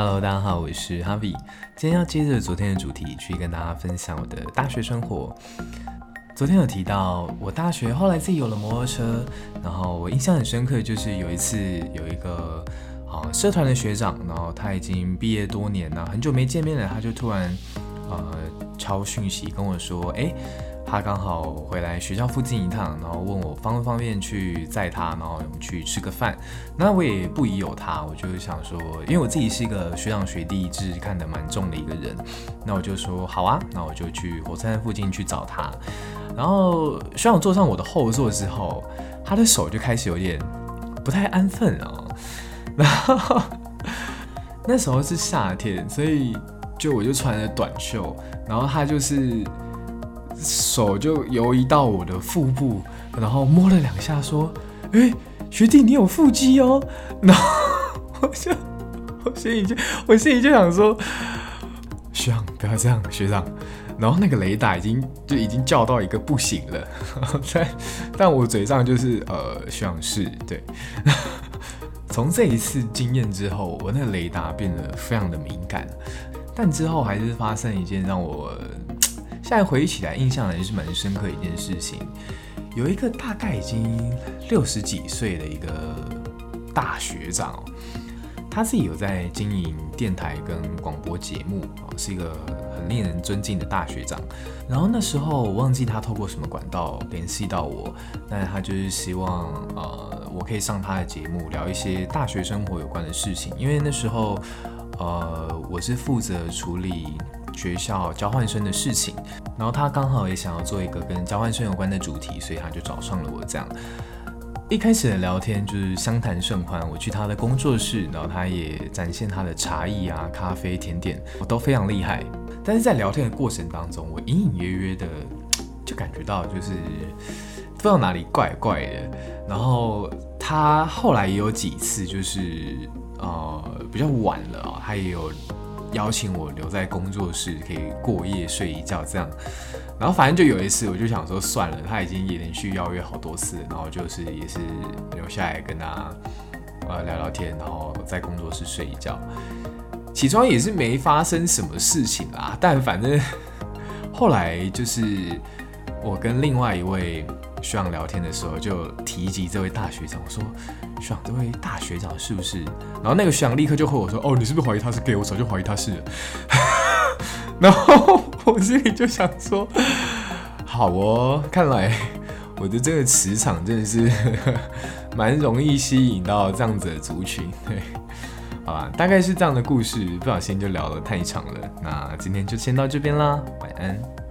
Hello，大家好，我是 Harvie。今天要接着昨天的主題去跟大家分享我的大學生活。昨天有提到我大學後來自己有了摩托車，然後我印象很深刻，就是有一次有一個啊社團的學長，然後他已經畢業多年了，很久沒見面了，他就突然，呃，敲訊息跟我說，誒、欸，他剛好回來學校附近一趟，然後問我方不方便去載他，然後去吃個飯。那我也不疑有他，我就想說，因為我自己是一個學長學弟制看得蠻重的一個人，那我就說好啊，那我就去火車站附近去找他。然後學長坐上我的後座之後，他的手就開始有點不太安分了。然後那時候是夏天，所以。就我就穿着短袖，然後他就是手就游移到我的腹部，然後摸了兩下，說：“哎，學弟你有腹肌哦。”然後我就我心裡就我心裡就想說：“學長不要這樣，學長。”然後那個雷達已經就已經叫到一個不行了，然後但但我嘴上就是呃學長是，對。從這一次經驗之後，我那個雷達變得非常的敏感。但之後還是發生一件讓我現在回憶起來印象還是蠻深刻的一件事情。有一個大概已經六十幾歲的一個大學長，他自己有在經營電台跟廣播節目，是一個很令人尊敬的大學長。然後那時候我忘記他透過什麼管道聯繫到我，但他就是希望呃我可以上他的節目聊一些大學生活有關的事情，因為那時候。呃，我是負責處理學校交換生的事情，然後他剛好也想要做一個跟交換生有關的主題，所以他就找上了我這樣。一開始的聊天就是相談甚歡，我去他的工作室，然後他也展現他的茶藝啊、咖啡、甜點，我都非常厲害。但是在聊天的過程當中，我隱隱約約的就感覺到就是不知道哪裡怪怪的。然後他後來也有幾次就是呃比較晚了。他也有邀請我留在工作室，可以過夜睡一覺這樣。然後反正就有一次，我就想說算了，他已經連續邀約好多次，然後就是也是留下來跟他呃聊聊天，然後在工作室睡一覺，起床也是沒發生什麼事情啦。但反正後來就是我跟另外一位學長聊天的時候就提及這位大學長，我說：“學長，這位大學長是不是？”然後那個學長立刻就和我說：“哦，你是不是懷疑他是 gay？” 我早就懷疑他是了。 然後我心裡就想說：“好哦，看來我的這個磁場真的是呵呵蠻容易吸引到這樣子的族群。”對，好吧，大概是這樣的故事。不小心就聊得太長了，那今天就先到這邊啦，晚安。